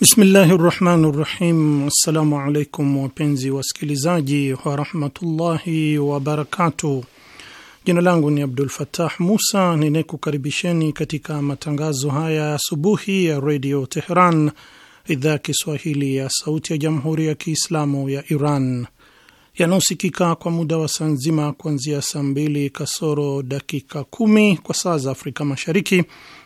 Bismillahi rahmani rahim. Assalamu alaikum wapenzi wasikilizaji wa rahmatullahi wabarakatuh. Jina langu ni Abdul Fattah Musa ninayekukaribisheni katika matangazo haya asubuhi ya redio Teheran, idhaa ya Kiswahili ya sauti ya jamhuri ya Kiislamu ya Iran, yanayosikika kwa muda wa saa nzima kuanzia saa mbili kasoro dakika kumi kwa saa za Afrika Mashariki,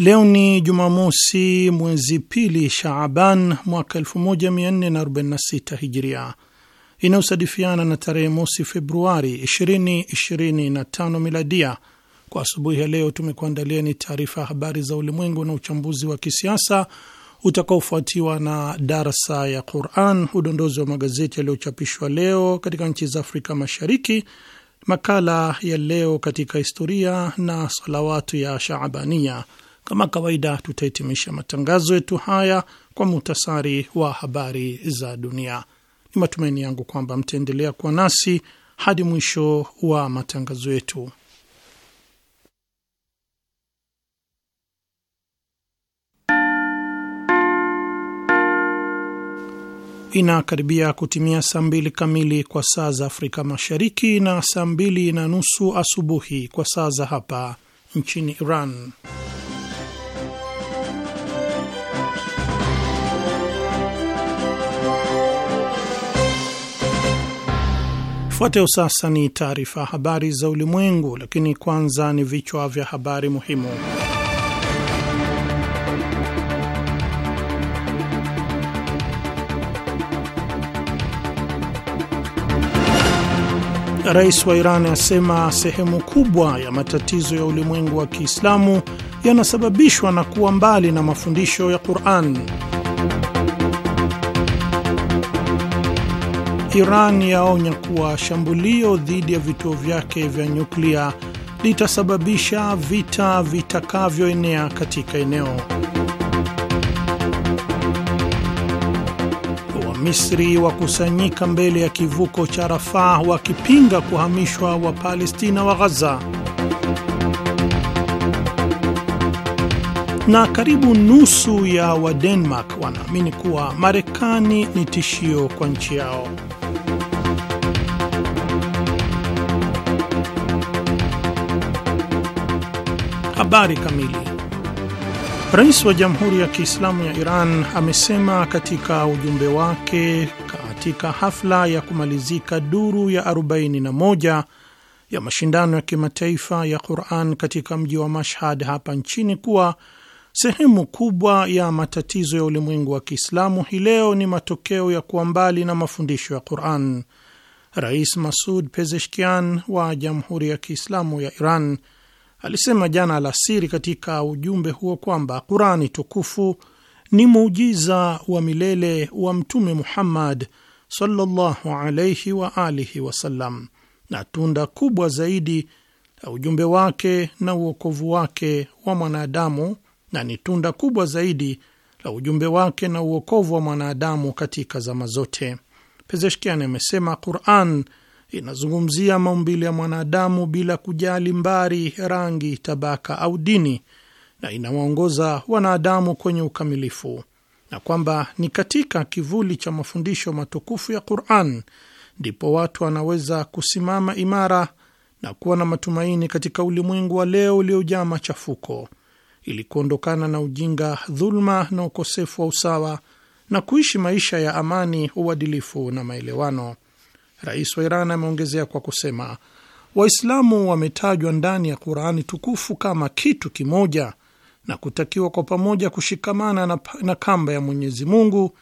Leo ni Jumamosi, mwezi pili Shaaban mwaka 1446 Hijria, inayosadifiana na tarehe mosi Februari 2025 Miladia. Kwa asubuhi ya leo tumekuandalia ni taarifa ya habari za ulimwengu na uchambuzi wa kisiasa utakaofuatiwa na darsa ya Quran, udondozi wa magazeti yaliyochapishwa leo katika nchi za Afrika Mashariki, makala ya leo katika historia na salawatu ya Shaabania. Kama kawaida, tutahitimisha matangazo yetu haya kwa muhtasari wa habari za dunia. Ni matumaini yangu kwamba mtaendelea kuwa nasi hadi mwisho wa matangazo yetu. Inakaribia kutimia saa mbili kamili kwa saa za Afrika Mashariki na saa mbili na nusu asubuhi kwa saa za hapa nchini Iran. Ifuatayo sasa ni taarifa habari za ulimwengu, lakini kwanza ni vichwa vya habari muhimu. Rais wa Iran asema sehemu kubwa ya matatizo ya ulimwengu wa Kiislamu yanasababishwa na kuwa mbali na mafundisho ya Qur'an. Iran yaonya kuwa shambulio dhidi ya vituo vyake vya nyuklia litasababisha vita vitakavyoenea katika eneo. Wamisri wakusanyika mbele ya kivuko cha Rafah wakipinga kuhamishwa Wapalestina wa Ghaza. Na karibu nusu ya Wadenmark wanaamini kuwa Marekani ni tishio kwa nchi yao. Habari kamili. Rais wa Jamhuri ya Kiislamu ya Iran amesema katika ujumbe wake katika hafla ya kumalizika duru ya 41 ya mashindano ya kimataifa ya Quran katika mji wa Mashhad hapa nchini kuwa sehemu kubwa ya matatizo ya ulimwengu wa Kiislamu hii leo ni matokeo ya kuwa mbali na mafundisho ya Quran. Rais Masud Pezeshkian wa Jamhuri ya Kiislamu ya Iran alisema jana alasiri katika ujumbe huo kwamba Qurani tukufu ni muujiza wa milele wa Mtume Muhammad sallallahu wa alihi wasallam, na tunda kubwa zaidi la ujumbe wake na uokovu wake wa mwanadamu, na ni tunda kubwa zaidi la ujumbe wake na uokovu wa mwanadamu katika zama zote. Pezeshkian amesema Quran inazungumzia maumbile ya mwanadamu bila kujali mbari, rangi, tabaka au dini, na inawaongoza wanadamu kwenye ukamilifu, na kwamba ni katika kivuli cha mafundisho matukufu ya Quran ndipo watu wanaweza kusimama imara na kuwa na matumaini katika ulimwengu wa leo uliojaa machafuko, ili kuondokana na ujinga, dhuluma na ukosefu wa usawa na kuishi maisha ya amani, uadilifu na maelewano. Rais wa Iran ameongezea kwa kusema, Waislamu wametajwa ndani ya Qurani tukufu kama kitu kimoja na kutakiwa kwa pamoja kushikamana na, na kamba ya Mwenyezi Mungu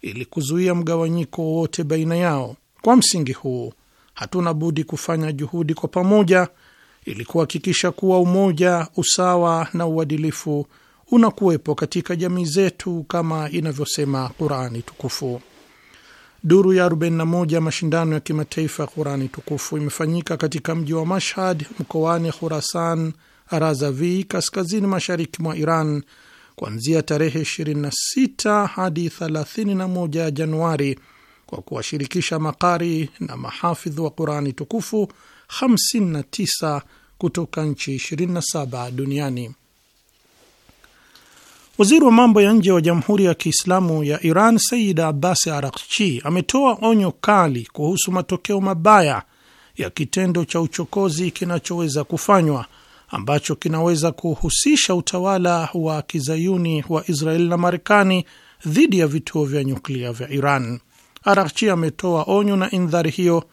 ili kuzuia mgawanyiko wowote baina yao. Kwa msingi huu, hatuna budi kufanya juhudi kwa pamoja ili kuhakikisha kuwa umoja, usawa na uadilifu unakuwepo katika jamii zetu kama inavyosema Qurani tukufu. Duru ya 41 mashindano ya kimataifa ya Qurani tukufu imefanyika katika mji wa Mashhad mkoani Khurasan Razavi kaskazini mashariki mwa Iran kuanzia tarehe 26 hadi 31 Januari kwa kuwashirikisha makari na mahafidhu wa Qurani tukufu 59 kutoka nchi 27 duniani. Waziri wa mambo ya nje wa Jamhuri ya Kiislamu ya Iran Sayyid Abbas Araghchi ametoa onyo kali kuhusu matokeo mabaya ya kitendo cha uchokozi kinachoweza kufanywa ambacho kinaweza kuhusisha utawala wa kizayuni wa israel na Marekani dhidi ya vituo vya nyuklia vya Iran. Araghchi ametoa onyo na indhari hiyo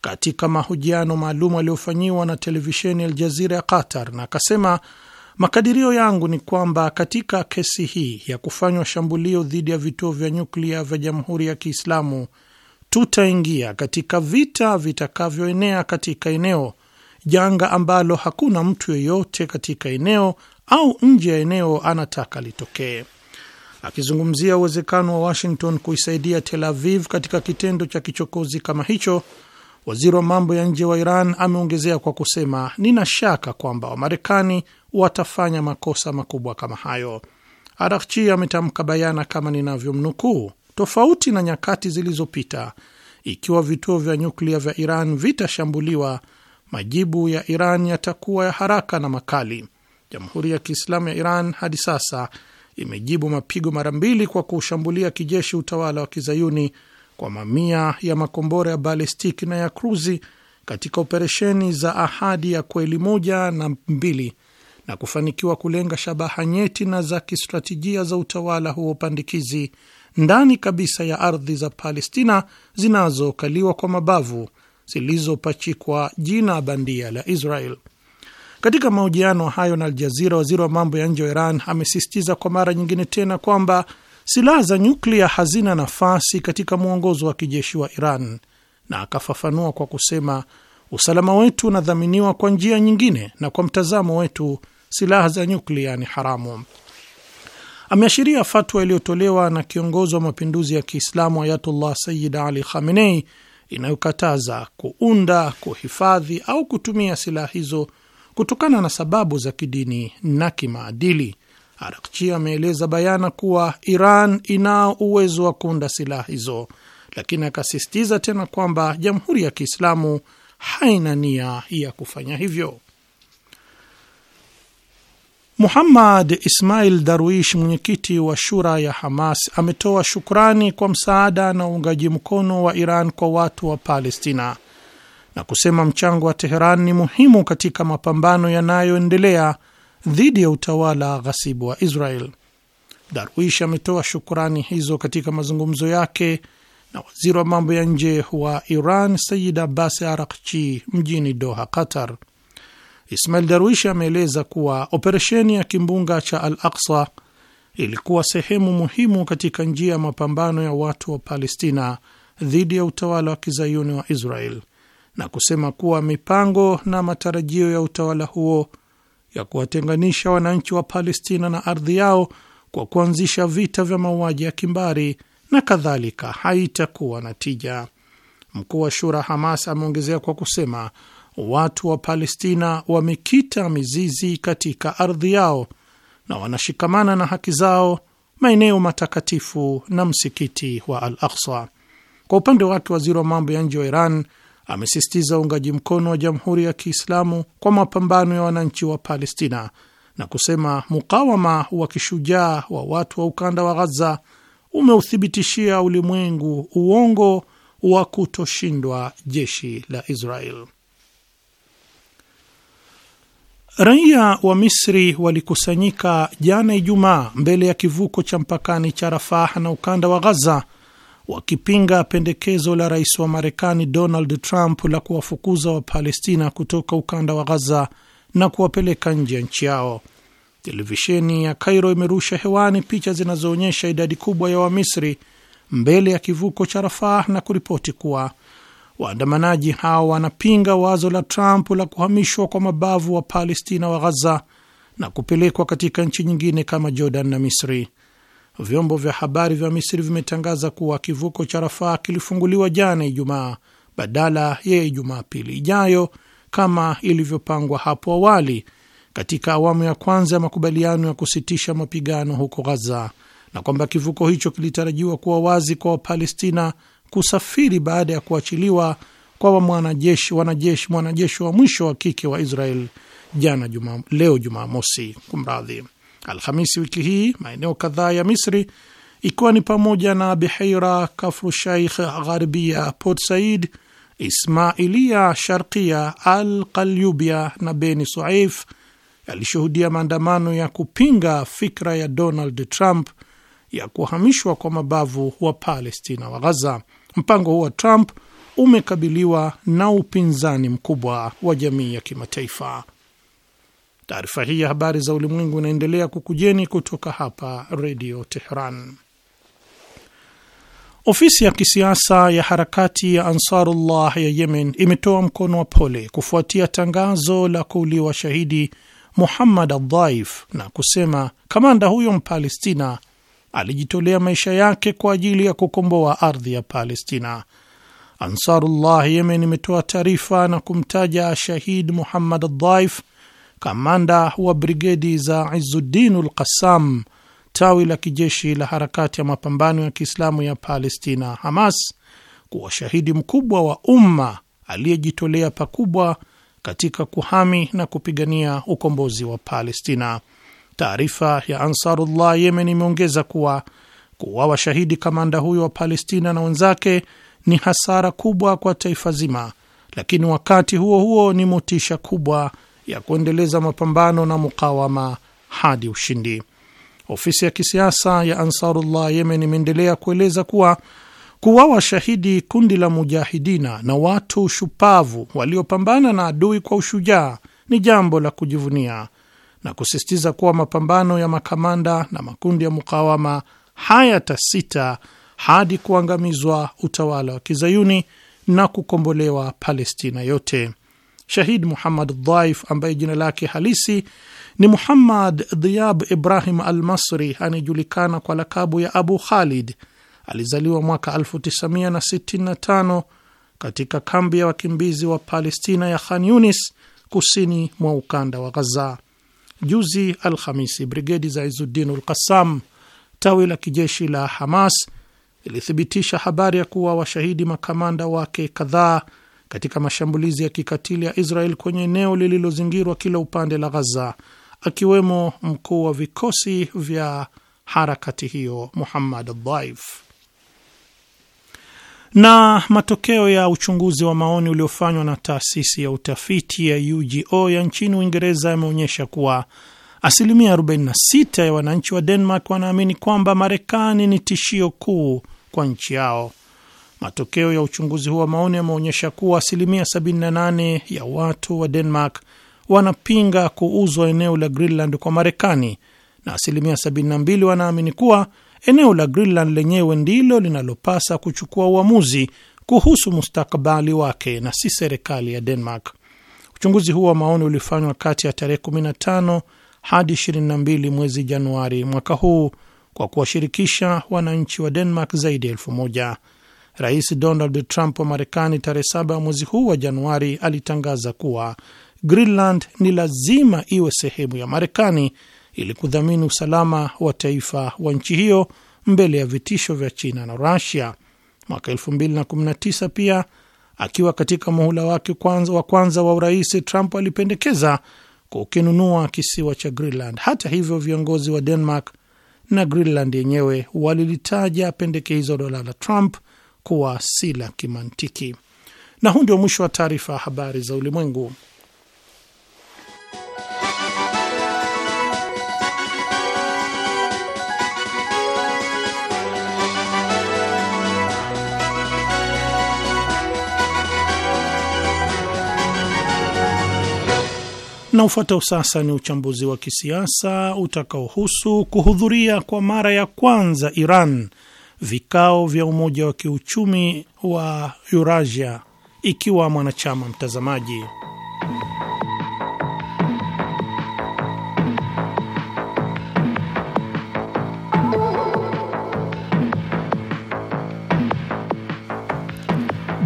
katika mahojiano maalum aliyofanyiwa na televisheni aljazira ya Qatar na akasema Makadirio yangu ni kwamba katika kesi hii ya kufanywa shambulio dhidi ya vituo vya nyuklia vya Jamhuri ya Kiislamu tutaingia katika vita vitakavyoenea katika eneo, janga ambalo hakuna mtu yeyote katika eneo au nje ya eneo anataka litokee. Akizungumzia uwezekano wa Washington kuisaidia Tel Aviv katika kitendo cha kichokozi kama hicho, waziri wa mambo ya nje wa Iran ameongezea kwa kusema, nina shaka kwamba Wamarekani watafanya makosa makubwa kama hayo. Arakchi ametamka bayana kama ninavyomnukuu, tofauti na nyakati zilizopita, ikiwa vituo vya nyuklia vya Iran vitashambuliwa, majibu ya Iran yatakuwa ya haraka na makali. Jamhuri ya Kiislamu ya Iran hadi sasa imejibu mapigo mara mbili kwa kuushambulia kijeshi utawala wa kizayuni kwa mamia ya makombora ya balistiki na ya kruzi katika operesheni za Ahadi ya Kweli moja na mbili na kufanikiwa kulenga shabaha nyeti na za kistratejia za utawala huo pandikizi ndani kabisa ya ardhi za Palestina zinazokaliwa kwa mabavu zilizopachikwa jina bandia la Israel. Katika mahojiano hayo na Aljazira, waziri wa mambo ya nje wa Iran amesisitiza kwa mara nyingine tena kwamba silaha za nyuklia hazina nafasi katika mwongozo wa kijeshi wa Iran, na akafafanua kwa kusema, usalama wetu unadhaminiwa kwa njia nyingine na kwa mtazamo wetu silaha za nyuklia ni haramu. Ameashiria fatwa iliyotolewa na kiongozi wa mapinduzi ya Kiislamu Ayatullah Sayyid Ali Khamenei inayokataza kuunda, kuhifadhi au kutumia silaha hizo kutokana na sababu za kidini na kimaadili. Arakchi ameeleza bayana kuwa Iran inao uwezo wa kuunda silaha hizo, lakini akasisitiza tena kwamba jamhuri ya Kiislamu haina nia ya kufanya hivyo. Muhammad Ismail Darwish, mwenyekiti wa shura ya Hamas, ametoa shukrani kwa msaada na uungaji mkono wa Iran kwa watu wa Palestina na kusema mchango wa Teheran ni muhimu katika mapambano yanayoendelea dhidi ya utawala ghasibu wa Israel. Darwish ametoa shukrani hizo katika mazungumzo yake na waziri wa mambo ya nje wa Iran Sayid Abbas Arakchi mjini Doha, Qatar. Ismail Darwish ameeleza kuwa operesheni ya kimbunga cha Al Aqsa ilikuwa sehemu muhimu katika njia ya mapambano ya watu wa Palestina dhidi ya utawala wa kizayuni wa Israel na kusema kuwa mipango na matarajio ya utawala huo ya kuwatenganisha wananchi wa Palestina na ardhi yao kwa kuanzisha vita vya mauaji ya kimbari na kadhalika haitakuwa na tija. Mkuu wa shura Hamas ameongezea kwa kusema watu wa Palestina wamekita mizizi katika ardhi yao na wanashikamana na haki zao maeneo matakatifu na msikiti wa Al Aksa. Kwa upande wake, waziri wa mambo ya nje wa Iran amesisitiza uungaji mkono wa Jamhuri ya Kiislamu kwa mapambano ya wananchi wa Palestina na kusema mukawama wa kishujaa wa watu wa ukanda wa Ghaza umeuthibitishia ulimwengu uongo wa kutoshindwa jeshi la Israel. Raia wa Misri walikusanyika jana Ijumaa mbele ya kivuko cha mpakani cha Rafah na ukanda wa Ghaza wakipinga pendekezo la rais wa Marekani Donald Trump la kuwafukuza Wapalestina kutoka ukanda wa Ghaza na kuwapeleka nje ya nchi yao. Televisheni ya Cairo imerusha hewani picha zinazoonyesha idadi kubwa ya Wamisri mbele ya kivuko cha Rafah na kuripoti kuwa Waandamanaji hao wanapinga wazo la Trump la kuhamishwa kwa mabavu wa Palestina wa Ghaza na kupelekwa katika nchi nyingine kama Jordan na Misri. Vyombo vya habari vya Misri vimetangaza kuwa kivuko cha Rafaa kilifunguliwa jana Ijumaa badala ya pili ijayo kama ilivyopangwa hapo awali, katika awamu ya kwanza ya makubaliano ya kusitisha mapigano huko Ghaza, na kwamba kivuko hicho kilitarajiwa kuwa wazi kwa Wapalestina kusafiri baada ya kuachiliwa kwa mwanajeshi wanajeshi mwanajeshi wa mwisho wa kike wa Israel jana juma, leo Jumamosi kumradhi, Alhamisi wiki hii, maeneo kadhaa ya Misri ikiwa ni pamoja na Biheira, Kafru Shaikh, Gharbia, Port Said, Ismailia, sharqia Al Qalyubia na Beni Suaif yalishuhudia maandamano ya kupinga fikra ya Donald Trump ya kuhamishwa kwa mabavu wa Palestina wa Ghaza. Mpango huu wa Trump umekabiliwa na upinzani mkubwa wa jamii ya kimataifa. Taarifa hii ya habari za ulimwengu inaendelea kukujeni kutoka hapa Redio Teheran. Ofisi ya kisiasa ya harakati ya Ansarullah ya Yemen imetoa mkono wa pole kufuatia tangazo la kuuliwa shahidi Muhammad Adhaif na kusema kamanda huyo Mpalestina alijitolea maisha yake kwa ajili ya kukomboa ardhi ya Palestina. Ansarullah Yemen imetoa taarifa na kumtaja Shahid Muhammad dhaif kamanda wa brigedi za Izuddin qassam tawi la kijeshi la harakati ya mapambano ya Kiislamu ya Palestina, Hamas, kuwa shahidi mkubwa wa umma aliyejitolea pakubwa katika kuhami na kupigania ukombozi wa Palestina. Taarifa ya Ansarullah Yemen imeongeza kuwa kuwa shahidi kamanda huyo wa Palestina na wenzake ni hasara kubwa kwa taifa zima, lakini wakati huo huo ni motisha kubwa ya kuendeleza mapambano na mukawama hadi ushindi. Ofisi ya kisiasa ya Ansarullah Yemen imeendelea kueleza kuwa kuwa washahidi kundi la mujahidina na watu shupavu waliopambana na adui kwa ushujaa ni jambo la kujivunia na kusisitiza kuwa mapambano ya makamanda na makundi ya mukawama hayatasita hadi kuangamizwa utawala wa kizayuni na kukombolewa Palestina yote. Shahid Muhammad Dhaif, ambaye jina lake halisi ni Muhammad Dhiab Ibrahim al Masri, anayejulikana kwa lakabu ya Abu Khalid, alizaliwa mwaka 1965 katika kambi ya wakimbizi wa Palestina ya Khan Yunis, kusini mwa ukanda wa Ghaza. Juzi Alhamisi, brigedi za Izuddin Ulqassam, tawi la kijeshi la Hamas, ilithibitisha habari ya kuwa washahidi makamanda wake kadhaa katika mashambulizi ya kikatili ya Israel kwenye eneo lililozingirwa kila upande la Ghaza, akiwemo mkuu wa vikosi vya harakati hiyo Muhammad Dhaif. Na matokeo ya uchunguzi wa maoni uliofanywa na taasisi ya utafiti ya UGO ya nchini Uingereza yameonyesha kuwa asilimia 46 ya wananchi wa Denmark wanaamini kwamba Marekani ni tishio kuu kwa nchi yao. Matokeo ya uchunguzi huo wa maoni yameonyesha kuwa asilimia 78 ya watu wa Denmark wanapinga kuuzwa eneo la Greenland kwa Marekani na asilimia 72 wanaamini kuwa Eneo la Greenland lenyewe ndilo linalopasa kuchukua uamuzi kuhusu mustakabali wake na si serikali ya Denmark. Uchunguzi huo wa maoni ulifanywa kati ya tarehe 15 hadi 22 mwezi Januari mwaka huu kwa kuwashirikisha wananchi wa Denmark zaidi ya elfu moja. Rais Donald Trump wa Marekani tarehe 7 mwezi huu wa Januari alitangaza kuwa Greenland ni lazima iwe sehemu ya Marekani ili kudhamini usalama wa taifa wa nchi hiyo mbele ya vitisho vya China na Rusia. Mwaka 2019 pia akiwa katika muhula wake kwanza, wa kwanza wa urais, Trump alipendekeza kukinunua kisiwa cha Greenland. Hata hivyo, viongozi wa Denmark na Greenland yenyewe walilitaja pendekezo dola la Trump kuwa si la kimantiki. Na huu ndio mwisho wa taarifa ya habari za ulimwengu. Na ufuatao sasa ni uchambuzi wa kisiasa utakaohusu kuhudhuria kwa mara ya kwanza Iran vikao vya Umoja wa Kiuchumi wa Eurasia ikiwa mwanachama mtazamaji.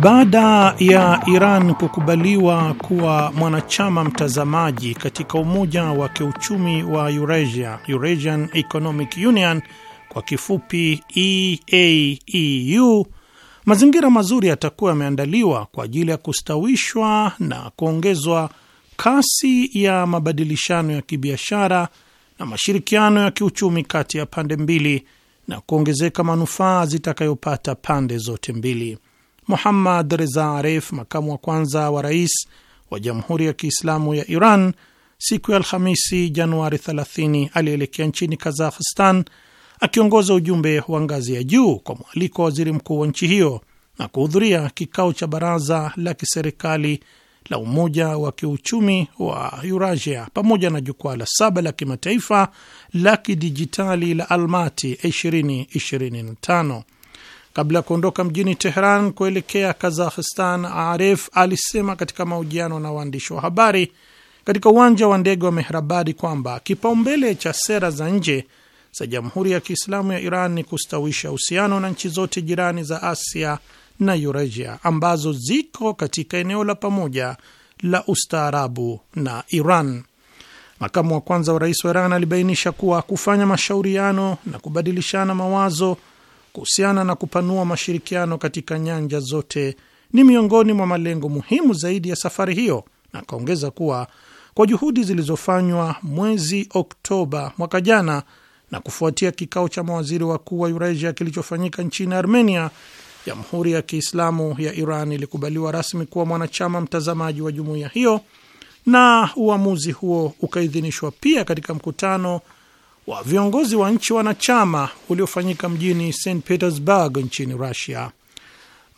Baada ya Iran kukubaliwa kuwa mwanachama mtazamaji katika umoja wa kiuchumi wa Eurasia, Eurasian Economic Union kwa kifupi EAEU, mazingira mazuri yatakuwa yameandaliwa kwa ajili ya kustawishwa na kuongezwa kasi ya mabadilishano ya kibiashara na mashirikiano ya kiuchumi kati ya pande mbili na kuongezeka manufaa zitakayopata pande zote mbili. Muhammad Reza Aref, makamu wa kwanza wa rais wa Jamhuri ya Kiislamu ya Iran, siku ya Alhamisi Januari 30 alielekea nchini Kazakhstan akiongoza ujumbe wa ngazi ya juu kwa mwaliko wa waziri mkuu wa nchi hiyo na kuhudhuria kikao cha baraza la kiserikali la Umoja wa Kiuchumi wa Eurasia pamoja na jukwaa la saba la kimataifa la kidijitali la Almati 2025. Kabla ya kuondoka mjini Tehran kuelekea Kazakhstan, Arif alisema katika mahojiano na waandishi wa habari katika uwanja wa ndege wa Mehrabadi kwamba kipaumbele cha sera za nje za Jamhuri ya Kiislamu ya Iran ni kustawisha uhusiano na nchi zote jirani za Asia na Eurasia ambazo ziko katika eneo la pamoja la ustaarabu na Iran. Makamu wa kwanza wa rais wa Iran alibainisha kuwa kufanya mashauriano na kubadilishana mawazo kuhusiana na kupanua mashirikiano katika nyanja zote ni miongoni mwa malengo muhimu zaidi ya safari hiyo, na akaongeza kuwa kwa juhudi zilizofanywa mwezi Oktoba mwaka jana na kufuatia kikao cha mawaziri wakuu wa Eurasia kilichofanyika nchini Armenia, Jamhuri ya Kiislamu ya Iran ilikubaliwa rasmi kuwa mwanachama mtazamaji wa jumuiya hiyo, na uamuzi huo ukaidhinishwa pia katika mkutano wa viongozi wa nchi wanachama uliofanyika mjini St Petersburg nchini Russia.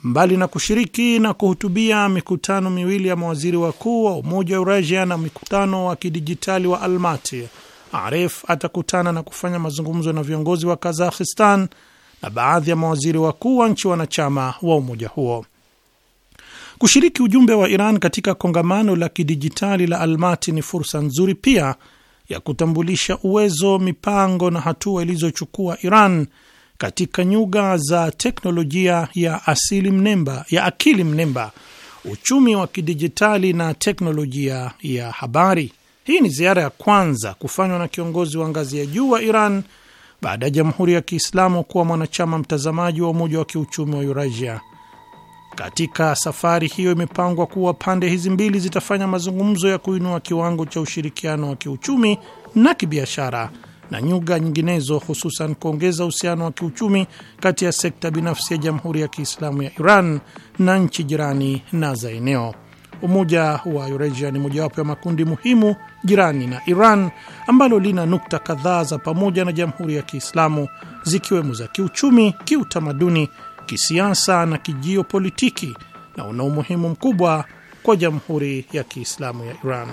Mbali na kushiriki na kuhutubia mikutano miwili ya mawaziri wakuu wa Umoja wa Urasia na mikutano wa kidijitali wa Almati, Arif atakutana na kufanya mazungumzo na viongozi wa kazakhistan na baadhi ya mawaziri wakuu wa nchi wanachama wa umoja huo. Kushiriki ujumbe wa Iran katika kongamano la kidijitali la Almati ni fursa nzuri pia ya kutambulisha uwezo, mipango na hatua ilizochukua Iran katika nyuga za teknolojia ya asili mnemba, ya akili mnemba, uchumi wa kidijitali na teknolojia ya habari. Hii ni ziara ya kwanza kufanywa na kiongozi wa ngazi ya juu wa Iran baada ya Jamhuri ya Kiislamu kuwa mwanachama mtazamaji wa Umoja wa Kiuchumi wa Eurasia. Katika safari hiyo imepangwa kuwa pande hizi mbili zitafanya mazungumzo ya kuinua kiwango cha ushirikiano wa kiuchumi na kibiashara na nyuga nyinginezo, hususan kuongeza uhusiano wa kiuchumi kati ya sekta binafsi ya Jamhuri ya Kiislamu ya Iran na nchi jirani na za eneo. Umoja wa Eurasia ni mojawapo ya makundi muhimu jirani na Iran ambalo lina nukta kadhaa za pamoja na Jamhuri ya Kiislamu zikiwemo za kiuchumi, kiutamaduni kisiasa na kijiopolitiki na una umuhimu mkubwa kwa Jamhuri ya Kiislamu ya Iran.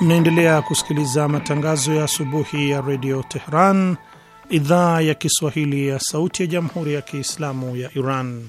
Mnaendelea kusikiliza matangazo ya asubuhi ya redio Tehran, idhaa ya Kiswahili ya sauti ya Jamhuri ya Kiislamu ya Iran.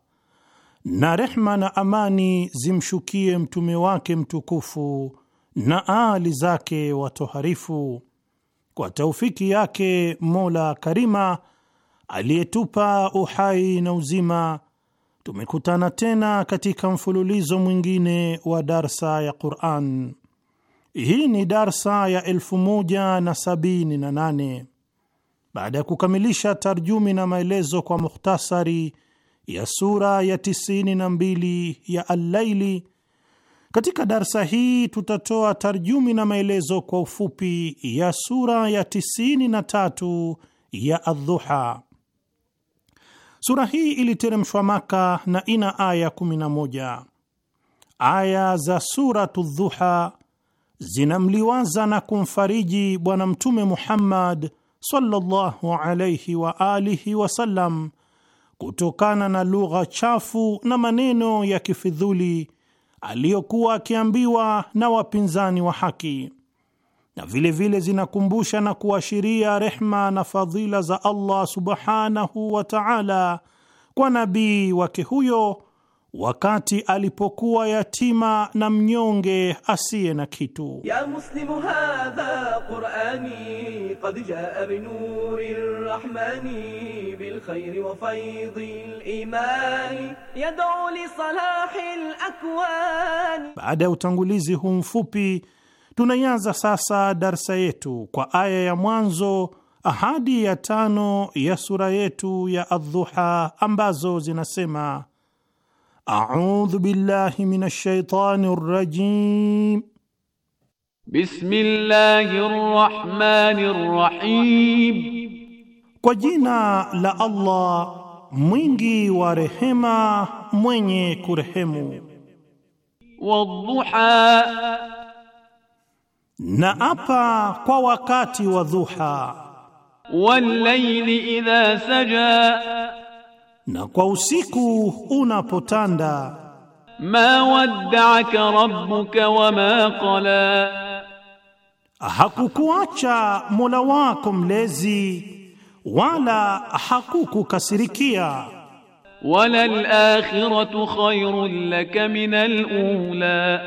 na rehma na amani zimshukie mtume wake mtukufu na aali zake watoharifu. Kwa taufiki yake Mola Karima aliyetupa uhai na uzima, tumekutana tena katika mfululizo mwingine wa darsa ya Quran. Hii ni darsa ya elfu moja na sabini na nane baada ya kukamilisha tarjumi na maelezo kwa mukhtasari ya sura ya tisini na mbili ya Allaili. Katika darsa hii tutatoa tarjumi na maelezo kwa ufupi ya sura ya tisini na tatu ya Adhuha. Sura hii iliteremshwa Maka na ina aya moja. Aya za Suratu Dhuha zinamliwaza na kumfariji Bwana Mtume Muhammad sallallahu alayhi wa alihi wasallam kutokana na lugha chafu na maneno ya kifidhuli aliyokuwa akiambiwa na wapinzani wa haki, na vile vile zinakumbusha na kuashiria rehma na fadhila za Allah subhanahu wa ta'ala kwa nabii wake huyo wakati alipokuwa yatima na mnyonge asiye na kitu. ya muslimu hadha qurani qad jaa wa limani yad'u li salahi Baada ya utangulizi huu mfupi, tunaianza sasa darsa yetu kwa aya ya mwanzo ahadi ya tano ya sura yetu ya Adhuha ambazo zinasema A'udhu billahi minash shaitani rrajim. Bismillahir rahmanir rahim. Kwa jina la Allah mwingi wa rehema mwenye kurehemu. Wadhuha, na apa kwa wakati wa dhuha. Wallayli idha saja na kwa usiku unapotanda. Ma wadda'aka rabbuka ma qala, hakukuacha Mola wako mlezi wala hakukukasirikia. Wala al-akhiratu khayrun laka min al-ula,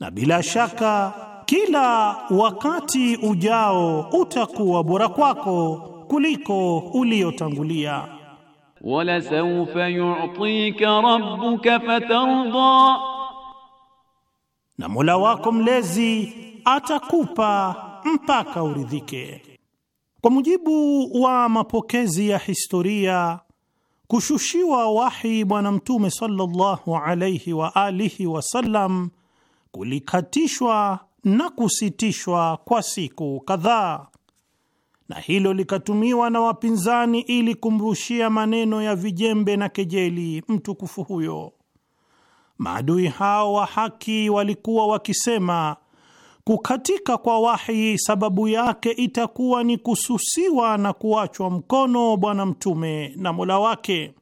na bila shaka kila wakati ujao utakuwa bora kwako kuliko uliotangulia wala sawfa yu'tika rabbuka fatarda, na Mola wako mlezi atakupa mpaka uridhike. Kwa mujibu wa mapokezi ya historia, kushushiwa wahi Bwana Mtume sallallahu alayhi wa alihi wasallam kulikatishwa na kusitishwa kwa siku kadhaa na hilo likatumiwa na wapinzani ili kumrushia maneno ya vijembe na kejeli mtukufu huyo. Maadui hao wa haki walikuwa wakisema kukatika kwa wahi sababu yake itakuwa ni kususiwa na kuachwa mkono Bwana Mtume na Mola wake.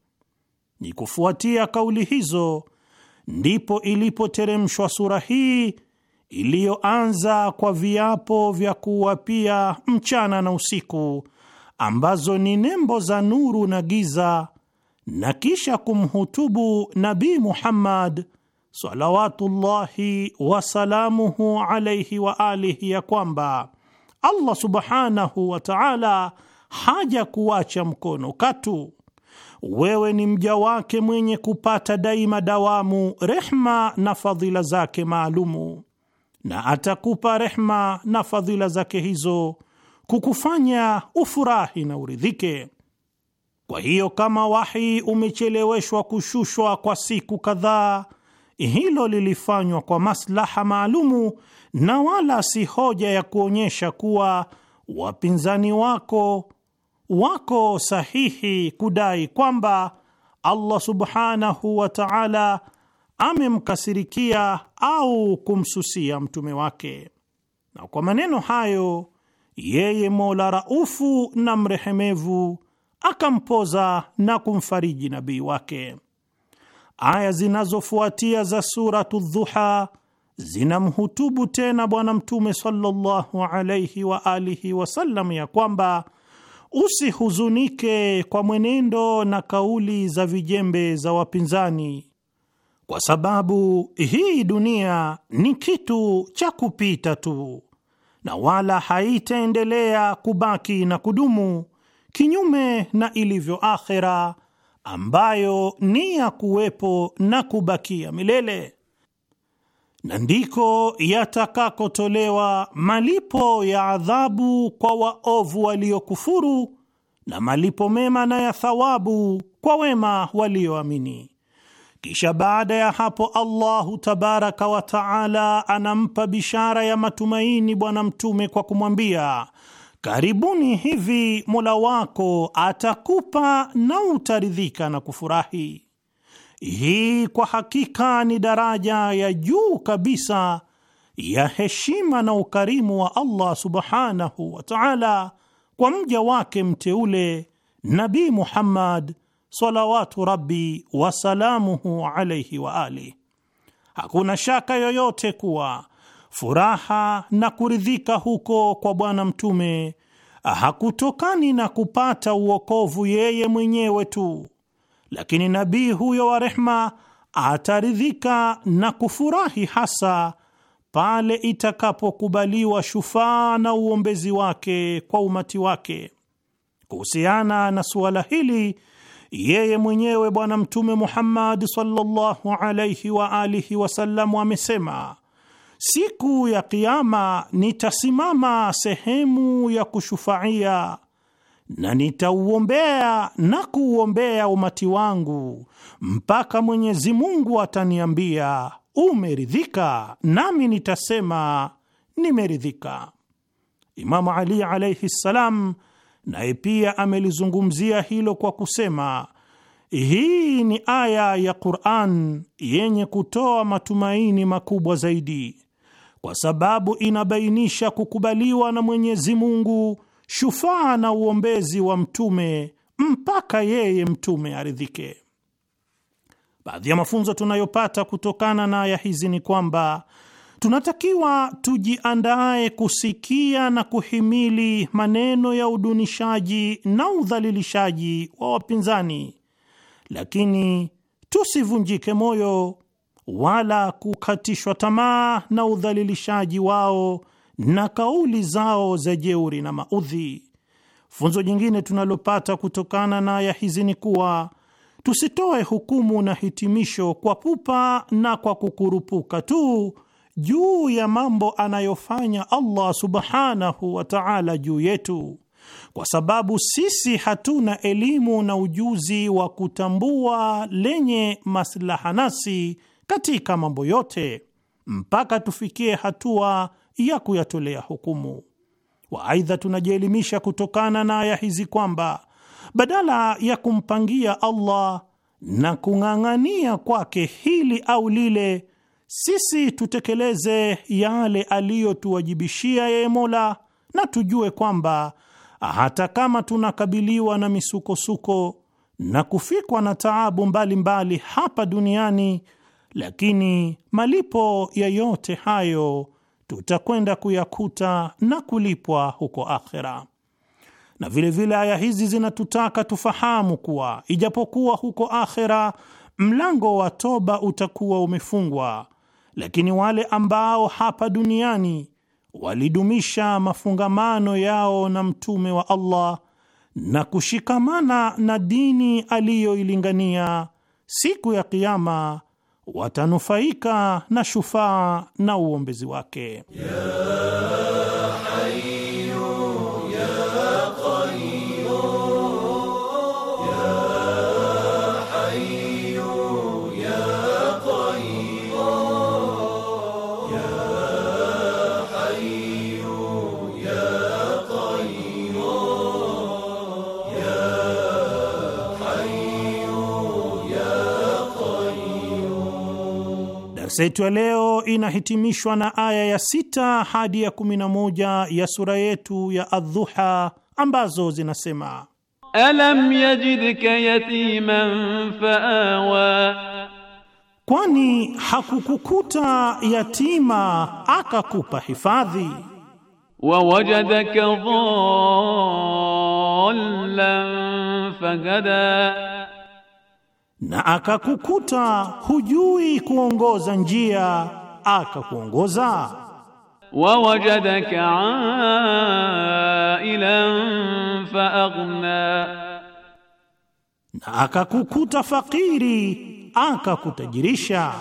Ni kufuatia kauli hizo ndipo ilipoteremshwa sura hii iliyoanza kwa viapo vya kuwapia mchana na usiku, ambazo ni nembo za nuru na giza, na kisha kumhutubu nabi Muhammad salawatullahi wasalamuhu alaihi wa alihi, ya kwamba Allah subhanahu wa taala haja kuacha mkono katu, wewe ni mja wake mwenye kupata daima dawamu rehma na fadhila zake maalumu na atakupa rehma na fadhila zake hizo kukufanya ufurahi na uridhike. Kwa hiyo kama wahi umecheleweshwa kushushwa kwa siku kadhaa, hilo lilifanywa kwa maslaha maalumu na wala si hoja ya kuonyesha kuwa wapinzani wako wako sahihi kudai kwamba Allah subhanahu wa ta'ala amemkasirikia au kumsusia mtume wake. Na kwa maneno hayo yeye Mola raufu na mrehemevu akampoza na kumfariji nabii wake. Aya zinazofuatia za Suratu Dhuha zinamhutubu tena Bwana Mtume sallallahu alaihi wa alihi wasallam ya kwamba usihuzunike kwa mwenendo na kauli za vijembe za wapinzani, kwa sababu hii dunia ni kitu cha kupita tu na wala haitaendelea kubaki na kudumu, kinyume na ilivyo akhera ambayo ni ya kuwepo na kubakia milele, na ndiko yatakakotolewa malipo ya adhabu kwa waovu waliokufuru na malipo mema na ya thawabu kwa wema walioamini. Kisha baada ya hapo Allahu tabaraka wa taala anampa bishara ya matumaini Bwana Mtume kwa kumwambia, karibuni hivi Mola wako atakupa na utaridhika na kufurahi. Hii kwa hakika ni daraja ya juu kabisa ya heshima na ukarimu wa Allah subhanahu wa taala kwa mja wake mteule Nabii Muhammad salawatu rabbi wasalamuhu alaihi wa alih. Hakuna shaka yoyote kuwa furaha na kuridhika huko kwa Bwana Mtume hakutokani na kupata uokovu yeye mwenyewe tu, lakini nabii huyo wa rehma ataridhika na kufurahi hasa pale itakapokubaliwa shufaa na uombezi wake kwa umati wake. Kuhusiana na suala hili yeye mwenyewe Bwana Mtume Muhammad sallallahu alayhi wa alihi wasallam amesema, siku ya Kiama nitasimama sehemu ya kushufaia na nitauombea na kuuombea umati wangu mpaka Mwenyezi Mungu ataniambia umeridhika, nami nitasema nimeridhika. Imamu Ali alayhi ssalam naye pia amelizungumzia hilo kwa kusema, hii ni aya ya Qur'an yenye kutoa matumaini makubwa zaidi, kwa sababu inabainisha kukubaliwa na Mwenyezi Mungu shufaa na uombezi wa mtume mpaka yeye mtume aridhike. Baadhi ya mafunzo tunayopata kutokana na aya hizi ni kwamba tunatakiwa tujiandae kusikia na kuhimili maneno ya udunishaji na udhalilishaji wa wapinzani, lakini tusivunjike moyo wala kukatishwa tamaa na udhalilishaji wao na kauli zao za jeuri na maudhi. Funzo jingine tunalopata kutokana na aya hizi ni kuwa tusitoe hukumu na hitimisho kwa pupa na kwa kukurupuka tu juu ya mambo anayofanya Allah subhanahu wa ta'ala juu yetu, kwa sababu sisi hatuna elimu na ujuzi wa kutambua lenye maslaha nasi katika mambo yote mpaka tufikie hatua ya kuyatolea hukumu. Waaidha, tunajielimisha kutokana na aya hizi kwamba badala ya kumpangia Allah na kung'ang'ania kwake hili au lile sisi tutekeleze yale aliyotuwajibishia yeye Mola, na tujue kwamba hata kama tunakabiliwa na misukosuko na kufikwa na taabu mbalimbali mbali hapa duniani, lakini malipo ya yote hayo tutakwenda kuyakuta na kulipwa huko akhera. Na vilevile aya hizi zinatutaka tufahamu kuwa ijapokuwa huko akhera mlango wa toba utakuwa umefungwa lakini wale ambao hapa duniani walidumisha mafungamano yao na mtume wa Allah na kushikamana na dini aliyoilingania, siku ya Kiyama watanufaika na shufaa na uombezi wake ya Darsa yetu ya leo inahitimishwa na aya ya sita hadi ya kumi na moja ya sura yetu ya Adhuha ambazo zinasema: alam yajidka yatiman faawa, kwani hakukukuta yatima akakupa hifadhi. Wawajadaka dhallan fahada na akakukuta hujui kuongoza njia akakuongoza. wajadaka ailan faaghna, na akakukuta fakiri akakutajirisha.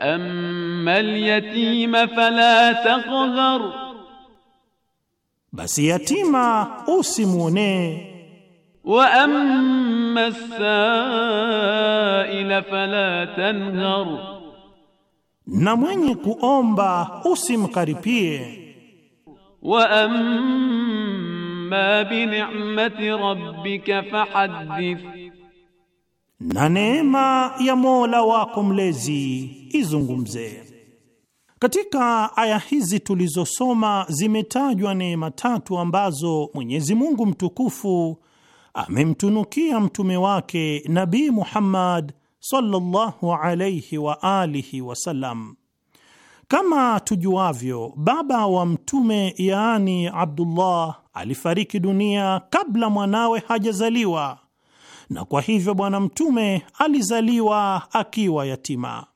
amma alyatima fala taqhar, basi yatima usimwonee wa amma saila fala tanhar, na mwenye kuomba usimkaripie. Wa amma bi ni'mati rabbika fahaddith, na neema ya Mola wako mlezi izungumze. Katika aya hizi tulizosoma zimetajwa neema tatu ambazo Mwenyezi Mungu mtukufu amemtunukia mtume wake nabi Muhammad sallallahu alayhi wa alihi wasallam. Kama tujuavyo, baba wa mtume yaani Abdullah alifariki dunia kabla mwanawe hajazaliwa, na kwa hivyo bwana mtume alizaliwa akiwa yatima,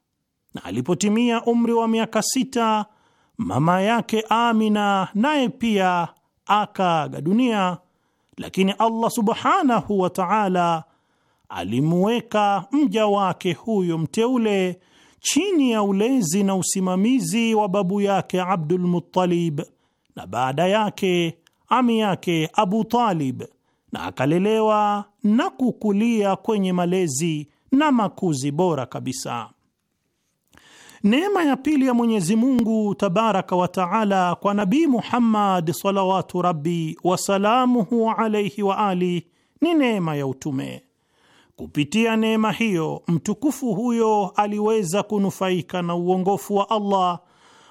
na alipotimia umri wa miaka sita, mama yake Amina naye pia akaaga dunia lakini Allah subhanahu wa ta'ala alimuweka mja wake huyo mteule chini ya ulezi na usimamizi wa babu yake Abdul Muttalib na baada yake ami yake Abu Talib na akalelewa na kukulia kwenye malezi na makuzi bora kabisa. Neema ya pili ya Mwenyezi Mungu tabaraka wa taala kwa Nabii Muhammad salawatu rabbi wasalamuhu alaihi wa ali ni neema ya utume. Kupitia neema hiyo mtukufu huyo aliweza kunufaika na uongofu wa Allah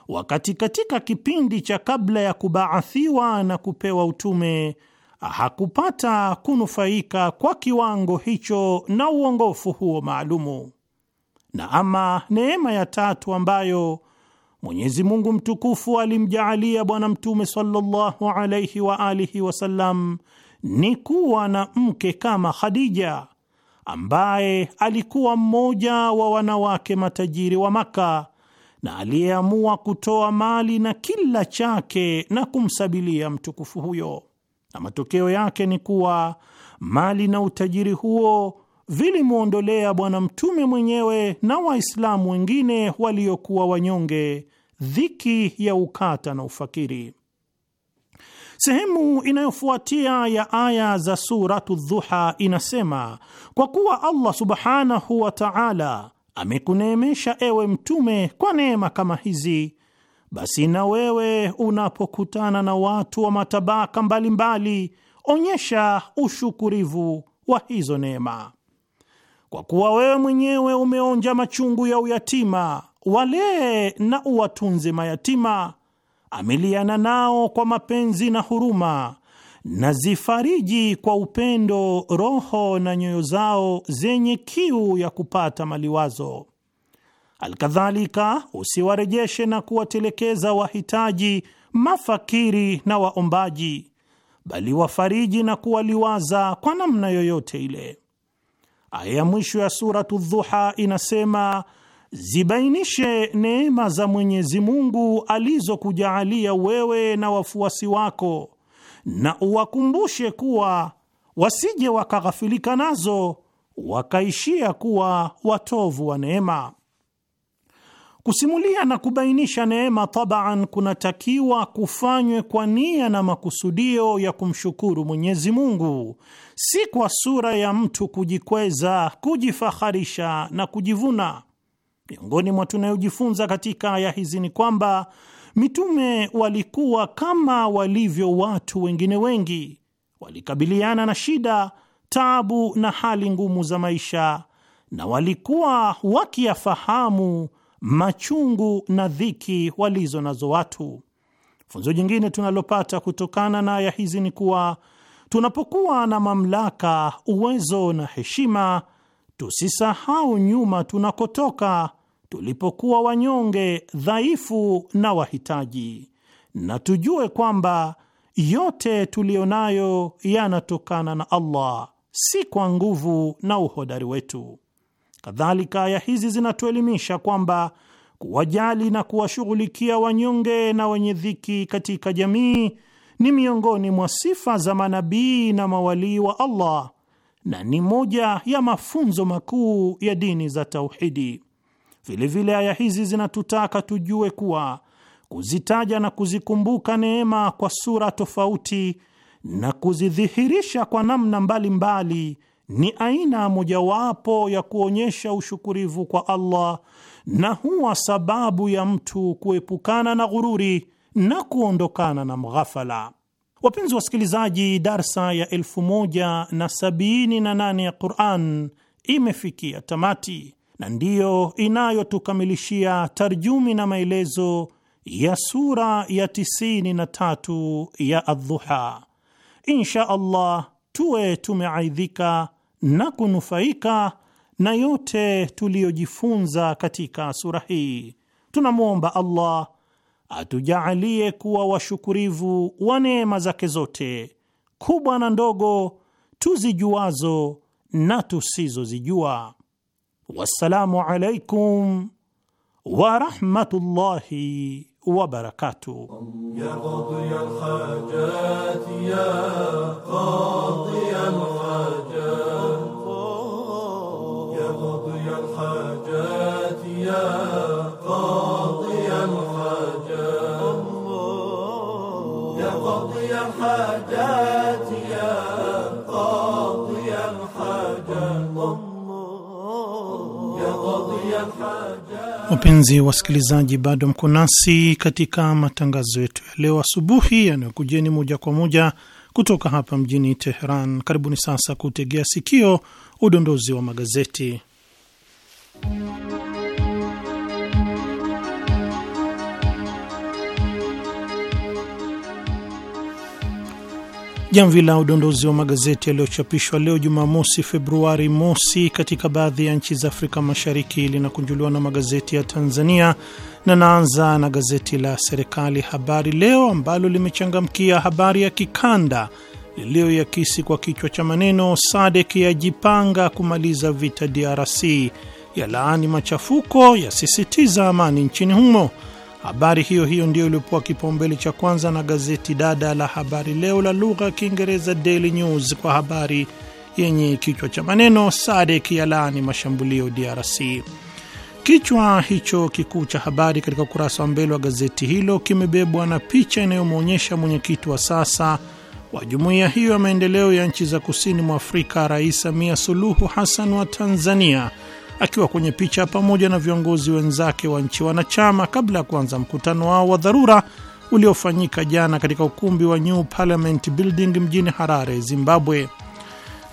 wakati katika kipindi cha kabla ya kubaathiwa na kupewa utume hakupata kunufaika kwa kiwango hicho na uongofu huo maalumu. Na ama neema ya tatu ambayo Mwenyezi Mungu mtukufu alimjaalia Bwana Mtume sallallahu alayhi wa alihi wasallam ni kuwa na mke kama Khadija ambaye alikuwa mmoja wa wanawake matajiri wa Maka na aliyeamua kutoa mali na kila chake na kumsabilia mtukufu huyo, na matokeo yake ni kuwa mali na utajiri huo vilimwondolea Bwana Mtume mwenyewe na Waislamu wengine waliokuwa wanyonge dhiki ya ukata na ufakiri. Sehemu inayofuatia ya aya za Suratu Dhuha inasema, kwa kuwa Allah subhanahu wa taala amekuneemesha ewe Mtume kwa neema kama hizi, basi na wewe unapokutana na watu wa matabaka mbalimbali mbali, onyesha ushukurivu wa hizo neema kwa kuwa wewe mwenyewe umeonja machungu ya uyatima, walee na uwatunze mayatima, amiliana nao kwa mapenzi na huruma, na zifariji kwa upendo roho na nyoyo zao zenye kiu ya kupata maliwazo. Alkadhalika, usiwarejeshe na kuwatelekeza wahitaji, mafakiri na waombaji, bali wafariji na kuwaliwaza kwa namna yoyote ile. Aya ya mwisho ya Suratu Dhuha inasema zibainishe neema za Mwenyezi Mungu alizokujaalia wewe na wafuasi wako, na uwakumbushe kuwa wasije wakaghafilika nazo wakaishia kuwa watovu wa neema. Kusimulia na kubainisha neema tabaan, kunatakiwa kufanywe kwa nia na makusudio ya kumshukuru Mwenyezi Mungu si kwa sura ya mtu kujikweza, kujifaharisha na kujivuna. Miongoni mwa tunayojifunza katika aya hizi ni kwamba mitume walikuwa kama walivyo watu wengine wengi, walikabiliana na shida, taabu na hali ngumu za maisha, na walikuwa wakiyafahamu machungu na dhiki walizo nazo watu. Funzo jingine tunalopata kutokana na aya hizi ni kuwa Tunapokuwa na mamlaka, uwezo na heshima, tusisahau nyuma tunakotoka, tulipokuwa wanyonge, dhaifu na wahitaji, na tujue kwamba yote tuliyo nayo yanatokana na Allah, si kwa nguvu na uhodari wetu. Kadhalika, aya hizi zinatuelimisha kwamba kuwajali na kuwashughulikia wanyonge na wenye dhiki katika jamii ni miongoni mwa sifa za manabii na mawalii wa Allah na ni moja ya mafunzo makuu ya dini za tauhidi. Vilevile aya hizi zinatutaka tujue kuwa kuzitaja na kuzikumbuka neema kwa sura tofauti na kuzidhihirisha kwa namna mbalimbali mbali, ni aina mojawapo ya kuonyesha ushukurivu kwa Allah na huwa sababu ya mtu kuepukana na ghururi na kuondokana na mghafala. Wapenzi wasikilizaji, darsa ya 1078 ya Quran imefikia tamati na ndiyo inayotukamilishia tarjumi na maelezo ya sura ya 93 ya Adhuha. Insha Allah tuwe tumeaidhika na kunufaika na yote tuliyojifunza katika sura hii. Tunamwomba Allah atujaalie kuwa washukurivu wa neema zake zote kubwa na ndogo, tuzijuazo na tusizozijua. Wassalamu alaikum warahmatullahi wabarakatuh. Wapenzi wasikilizaji, bado mko nasi katika matangazo yetu ya leo asubuhi yanayokujeni moja kwa moja kutoka hapa mjini Teheran. Karibuni sasa kutegea sikio udondozi wa magazeti. Jamvi la udondozi wa magazeti yaliyochapishwa leo Jumamosi, Februari mosi, katika baadhi ya nchi za Afrika Mashariki linakunjuliwa na magazeti ya Tanzania, na naanza na gazeti la serikali Habari Leo ambalo limechangamkia habari ya kikanda liliyoyakisi kwa kichwa cha maneno Sadek yajipanga kumaliza vita DRC, yalaani machafuko, yasisitiza amani nchini humo Habari hiyo hiyo ndiyo iliyopewa kipaumbele cha kwanza na gazeti dada la Habari Leo la lugha ya Kiingereza, Daily News, kwa habari yenye kichwa cha maneno Sadek yalaani mashambulio DRC. Kichwa hicho kikuu cha habari katika ukurasa wa mbele wa gazeti hilo kimebebwa na picha inayomwonyesha mwenyekiti wa sasa wa jumuiya hiyo ya maendeleo ya nchi za kusini mwa Afrika, Rais Samia Suluhu Hassan wa Tanzania akiwa kwenye picha pamoja na viongozi wenzake wa nchi wanachama kabla ya kuanza mkutano wao wa dharura uliofanyika jana katika ukumbi wa New Parliament Building mjini Harare, Zimbabwe.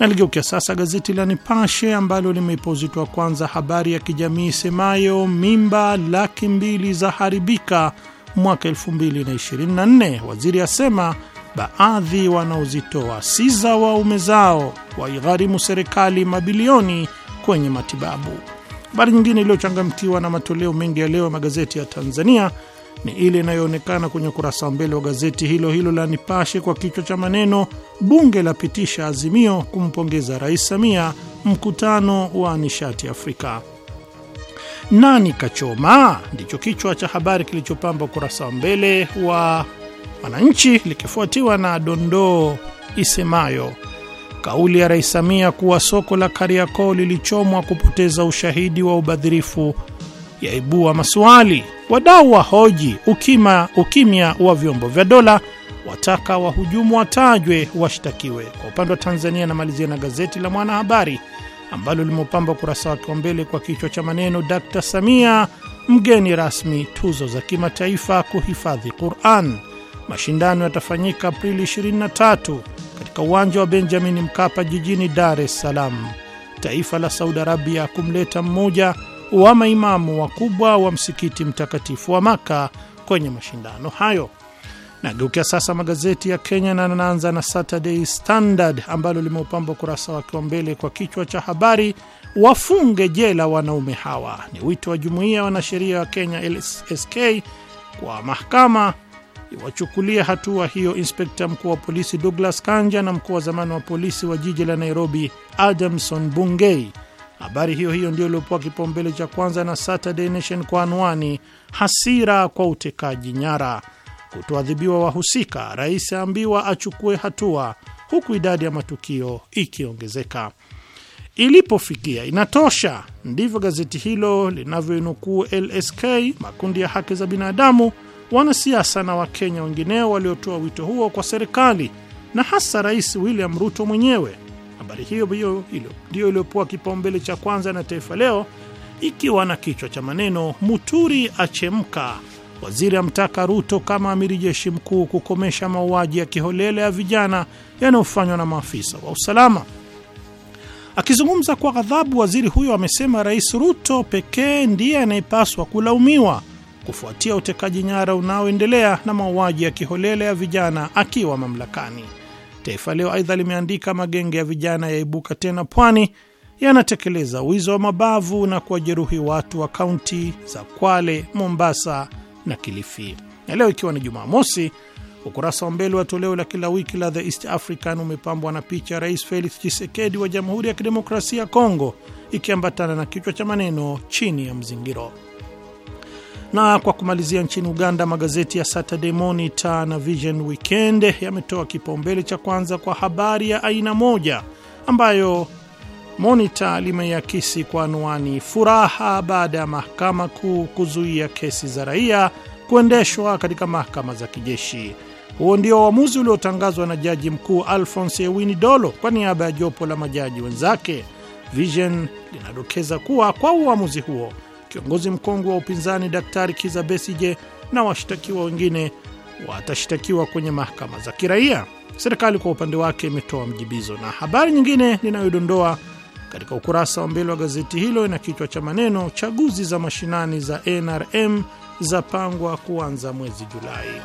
Naligeukia sasa gazeti la Nipashe ambalo limeipa uzito wa kwanza habari ya kijamii isemayo mimba laki mbili za haribika mwaka 2024, waziri asema baadhi wanaozitoa si za waume zao, waigharimu serikali mabilioni kwenye matibabu. Habari nyingine iliyochangamkiwa na matoleo mengi ya leo ya magazeti ya Tanzania ni ile inayoonekana kwenye ukurasa wa mbele wa gazeti hilo hilo la Nipashe kwa kichwa cha maneno, bunge lapitisha azimio kumpongeza Rais Samia mkutano wa nishati Afrika. Nani kachoma? Ndicho kichwa cha habari kilichopamba ukurasa wa mbele wa Wananchi, likifuatiwa na dondoo isemayo Kauli ya Rais Samia kuwa soko la Kariakoo lilichomwa kupoteza ushahidi wa ubadhirifu yaibua maswali. Wadau wa hoji ukima, ukimya wa vyombo vya dola, wataka wahujumu watajwe, washtakiwe. Kwa upande wa Tanzania, namalizia na gazeti la Mwanahabari ambalo limeupamba ukurasa wake wa mbele kwa kichwa cha maneno Dkt Samia mgeni rasmi tuzo za kimataifa kuhifadhi Quran. Mashindano yatafanyika Aprili 23 katika uwanja wa Benjamin Mkapa jijini Dar es Salaam, taifa la Saudi Arabia kumleta mmoja wa maimamu wakubwa wa msikiti mtakatifu wa Maka kwenye mashindano hayo. Nageukia sasa magazeti ya Kenya na naanza na Saturday Standard ambalo limeupamba ukurasa wake wa mbele kwa kichwa cha habari, wafunge jela wanaume hawa. Ni wito wa jumuiya ya wanasheria wa Kenya LSK kwa mahakama iwachukulia hatua hiyo inspekta mkuu wa polisi Douglas Kanja na mkuu wa zamani wa polisi wa jiji la Nairobi Adamson Bungei. Habari hiyo hiyo ndio iliyopewa kipaumbele cha kwanza na Saturday Nation kwa anwani hasira kwa utekaji nyara, kutoadhibiwa wahusika, rais aambiwa achukue hatua, huku idadi ya matukio ikiongezeka. Ilipofikia inatosha, ndivyo gazeti hilo linavyoinukuu LSK, makundi ya haki za binadamu wanasiasa na Wakenya wengineo waliotoa wito huo kwa serikali na hasa Rais William Ruto mwenyewe. Habari hiyo ndiyo iliyopewa kipaumbele cha kwanza na Taifa Leo, ikiwa na kichwa cha maneno Muturi achemka, waziri amtaka Ruto kama amiri jeshi mkuu kukomesha mauaji ya kiholela ya vijana yanayofanywa na maafisa wa usalama. Akizungumza kwa ghadhabu, waziri huyo amesema Rais Ruto pekee ndiye anayepaswa kulaumiwa kufuatia utekaji nyara unaoendelea na mauaji ya kiholela ya vijana akiwa mamlakani. Taifa Leo aidha limeandika magenge ya vijana yaibuka tena pwani, yanatekeleza wizo wa mabavu na kuwajeruhi watu wa kaunti za Kwale, Mombasa na Kilifi. Na leo ikiwa ni Jumamosi, ukurasa wa mbele wa toleo la kila wiki la The East African umepambwa na picha ya Rais Felix Tshisekedi wa Jamhuri ya Kidemokrasia ya Kongo, ikiambatana na kichwa cha maneno chini ya mzingiro. Na kwa kumalizia, nchini Uganda, magazeti ya Saturday Monitor na Vision Weekend yametoa kipaumbele cha kwanza kwa habari ya aina moja ambayo Monitor limeiakisi kwa anwani furaha baada ya mahakama kuu kuzuia kesi za raia kuendeshwa katika mahakama za kijeshi. Huo ndio uamuzi uliotangazwa na jaji mkuu Alphonse Ewini Dolo kwa niaba ya jopo la majaji wenzake. Vision linadokeza kuwa kwa uamuzi huo kiongozi mkongwe wa upinzani Daktari Kiza Besije na washtakiwa wengine watashtakiwa kwenye mahakama za kiraia. Serikali kwa upande wake imetoa mjibizo, na habari nyingine ninayodondoa katika ukurasa wa mbele wa gazeti hilo ina kichwa cha maneno chaguzi za mashinani za NRM zapangwa kuanza mwezi Julai.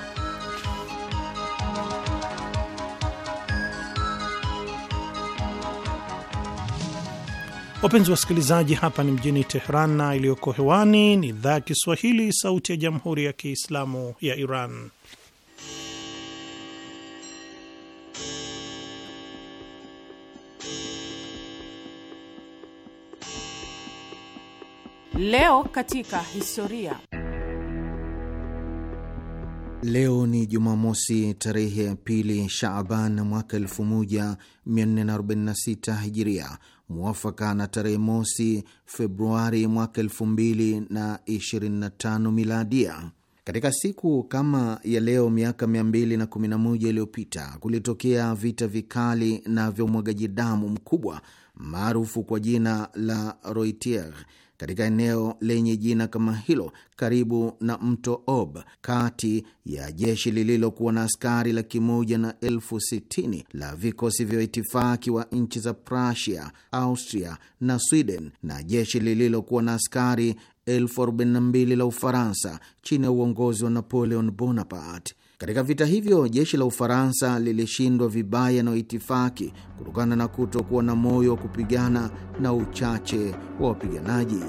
Wapenzi wasikilizaji, hapa ni mjini Teheran na iliyoko hewani ni idhaa ya Kiswahili, Sauti ya Jamhuri ya Kiislamu ya Iran. Leo katika historia. Leo ni Jumamosi, tarehe ya pili Shaaban mwaka 1446 Hijiria, mwafaka na tarehe mosi Februari mwaka 2025 miladia. Katika siku kama ya leo miaka 211 iliyopita kulitokea vita vikali na vya umwagaji damu mkubwa maarufu kwa jina la Roitier katika eneo lenye jina kama hilo karibu na mto Ob, kati ya jeshi lililokuwa na askari laki moja na elfu sitini la vikosi vya itifaki wa nchi za Prussia, Austria na Sweden na jeshi lililokuwa na askari elfu arobaini na mbili la Ufaransa chini ya uongozi wa Napoleon Bonaparte. Katika vita hivyo jeshi la Ufaransa lilishindwa vibaya na itifaki kutokana na kutokuwa na moyo wa kupigana na uchache wa wapiganaji.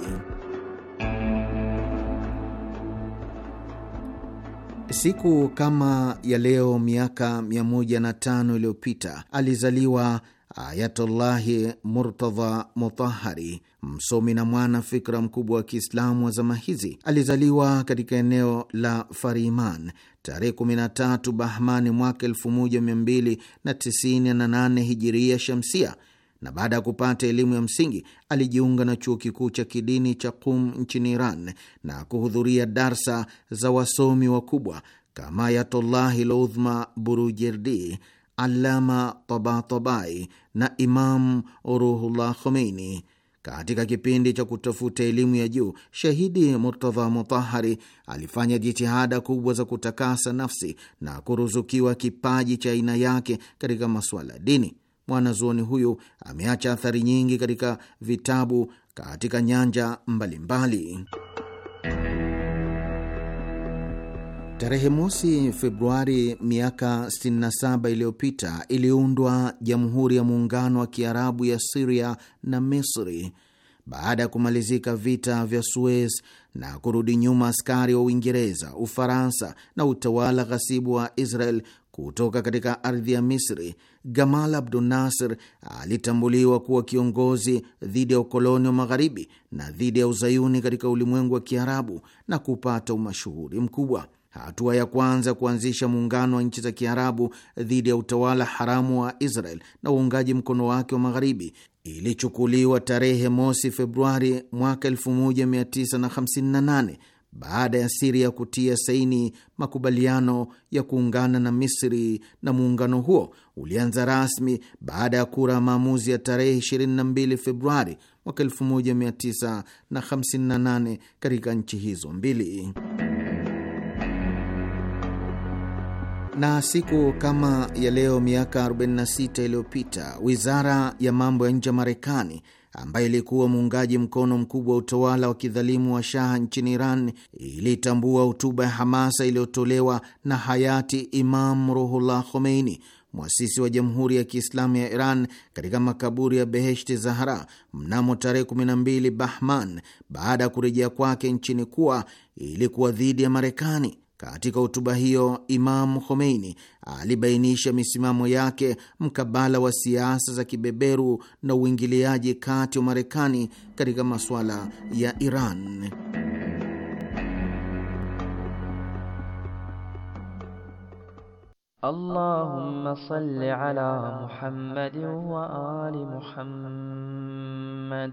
Siku kama ya leo miaka 105 iliyopita alizaliwa Ayatullahi Murtadha Mutahari, msomi na mwana fikra mkubwa wa Kiislamu wa zama hizi. Alizaliwa katika eneo la Fariman tarehe 13 Bahmani mwaka 1298 hijiria shamsia, na baada ya kupata elimu ya msingi alijiunga na chuo kikuu cha kidini cha Qum nchini Iran na kuhudhuria darsa za wasomi wakubwa kama Ayatullahi Ludhma Burujerdi, Allama Tabatabai na Imam Ruhullah Khomeini. Katika kipindi cha kutafuta elimu ya juu, shahidi Murtadha Mutahari alifanya jitihada kubwa za kutakasa nafsi na kuruzukiwa kipaji cha aina yake katika masuala dini. Mwanazuoni huyu ameacha athari nyingi katika vitabu katika nyanja mbalimbali mbali. Tarehe mosi Februari miaka 67 iliyopita iliundwa Jamhuri ya Muungano wa Kiarabu ya Siria na Misri baada ya kumalizika vita vya Suez na kurudi nyuma askari wa Uingereza, Ufaransa na utawala ghasibu wa Israel kutoka katika ardhi ya Misri, Gamal Abdu Nasir alitambuliwa kuwa kiongozi dhidi ya ukoloni wa Magharibi na dhidi ya uzayuni katika ulimwengu wa Kiarabu na kupata umashuhuri mkubwa. Hatua ya kwanza kuanzisha muungano wa nchi za Kiarabu dhidi ya utawala haramu wa Israel na uungaji mkono wake wa Magharibi ilichukuliwa tarehe mosi Februari mwaka 1958 baada ya Siria kutia saini makubaliano ya kuungana na Misri, na muungano huo ulianza rasmi baada ya kura ya maamuzi ya tarehe 22 Februari mwaka 1958 katika nchi hizo mbili. Na siku kama ya leo miaka 46 iliyopita wizara ya mambo ya nje ya Marekani ambayo ilikuwa muungaji mkono mkubwa wa utawala wa kidhalimu wa shaha nchini Iran ilitambua hotuba ya hamasa iliyotolewa na hayati Imam Ruhullah Khomeini, mwasisi wa Jamhuri ya Kiislamu ya Iran katika makaburi ya Beheshti Zahara mnamo tarehe 12 Bahman baada ya kurejea kwake nchini kuwa ilikuwa dhidi ya Marekani. Katika hotuba hiyo imam Khomeini alibainisha misimamo yake mkabala wa siasa za kibeberu na uingiliaji kati wa Marekani katika masuala ya Iran. Allahumma salli ala wa ali Muhammad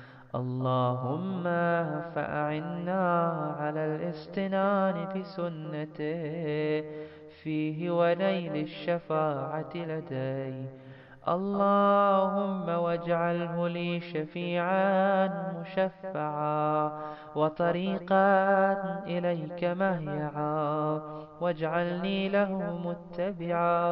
اللهم فأعنا على الاستنان بسنته فيه ونيل الشفاعة لدي اللهم واجعله لي شفيعا مشفعا وطريقا إليك مهيعا واجعلني له متبعا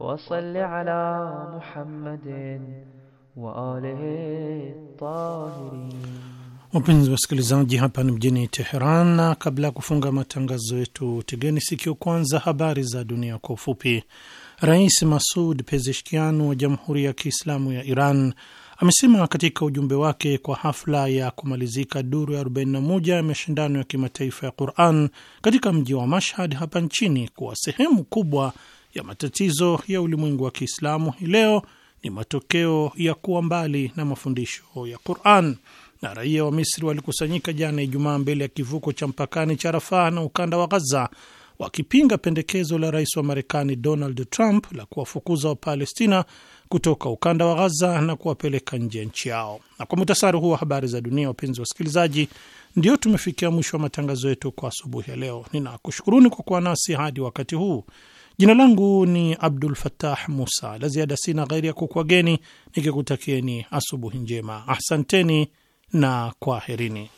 وصل على محمد وآله الطاهرين Wapenzi wasikilizaji, hapa ni mjini Teheran, na kabla ya kufunga matangazo yetu, tegeni sikio kwanza habari za dunia kwa ufupi. Rais Masud Pezeshkian wa Jamhuri ya Kiislamu ya Iran amesema katika ujumbe wake kwa hafla ya kumalizika duru ya 41 ya mashindano ya kimataifa ya Quran katika mji wa Mashhad hapa nchini kuwa sehemu kubwa ya matatizo ya ulimwengu wa Kiislamu hii leo ni matokeo ya kuwa mbali na mafundisho ya Quran. Na raia wa Misri walikusanyika jana Ijumaa mbele ya kivuko cha mpakani cha Rafaa na ukanda wa Ghaza wakipinga pendekezo la rais wa Marekani Donald Trump la kuwafukuza Wapalestina kutoka ukanda wa Ghaza na kuwapeleka nje ya nchi yao. Na kwa mutasari huu wa habari za dunia, wapenzi wa wasikilizaji, ndio tumefikia mwisho wa matangazo yetu kwa asubuhi ya leo. Ninakushukuruni kwa kuwa nasi hadi wakati huu. Jina langu ni Abdul Fattah Musa. La ziada sina ghairi ya kukwageni nikikutakieni asubuhi njema. asanteni na kwaherini.